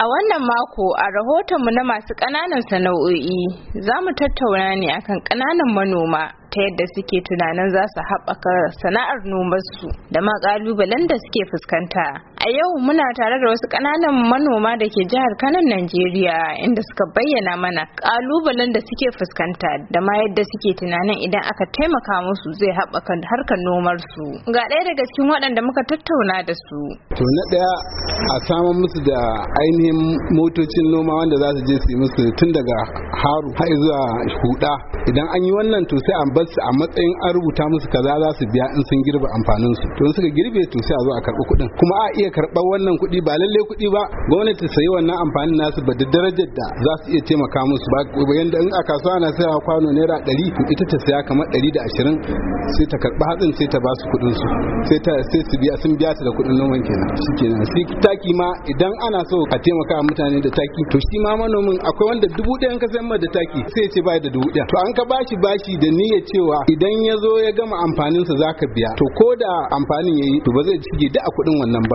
A wannan mako a rahotonmu na masu ƙananan sana'o'i za mu tattauna ne akan ƙananan manoma ta yadda suke tunanin za su haɓaka sana'ar nomarsu da ma ƙalubalen da suke fuskanta. A yau muna tare da wasu ƙananan manoma da ke jihar Kano Najeriya inda suka bayyana mana ƙalubalen da suke fuskanta da ma yadda suke tunanin idan aka taimaka musu zai haɓaka harkar nomarsu. Ga ɗaya daga cikin waɗanda muka tattauna da su. To na ɗaya a samar musu da ainihin motocin noma wanda za su je su yi musu tun daga haru har zuwa huda idan an yi wannan to sai a bar su a matsayin an rubuta musu kaza za su biya in sun girbe amfanin su to suka girbe to sai a zo a karbi kuɗin kuma a iya karɓar wannan kuɗi ba lalle kuɗi ba gwamnati sayi wannan amfanin nasu ba da darajar da za su iya taimaka musu ba yanda in a kasuwa na a kwano naira ɗari ita ta saya kamar ɗari da ashirin sai ta karɓi hatsin sai ta ba su kuɗin su sai ta sai su biya sun biya ta da kuɗin noman kenan shi kenan sai taki ma idan ana so a taimaka mutane da taki to shi ma manomin akwai wanda dubu ɗaya ka sayan sama da taki sai ce bai da dubu ɗaya to an ka bashi bashi da niyya cewa idan ya zo ya gama amfaninsa zaka biya to ko da amfanin yayi to ba zai cige da a kuɗin wannan ba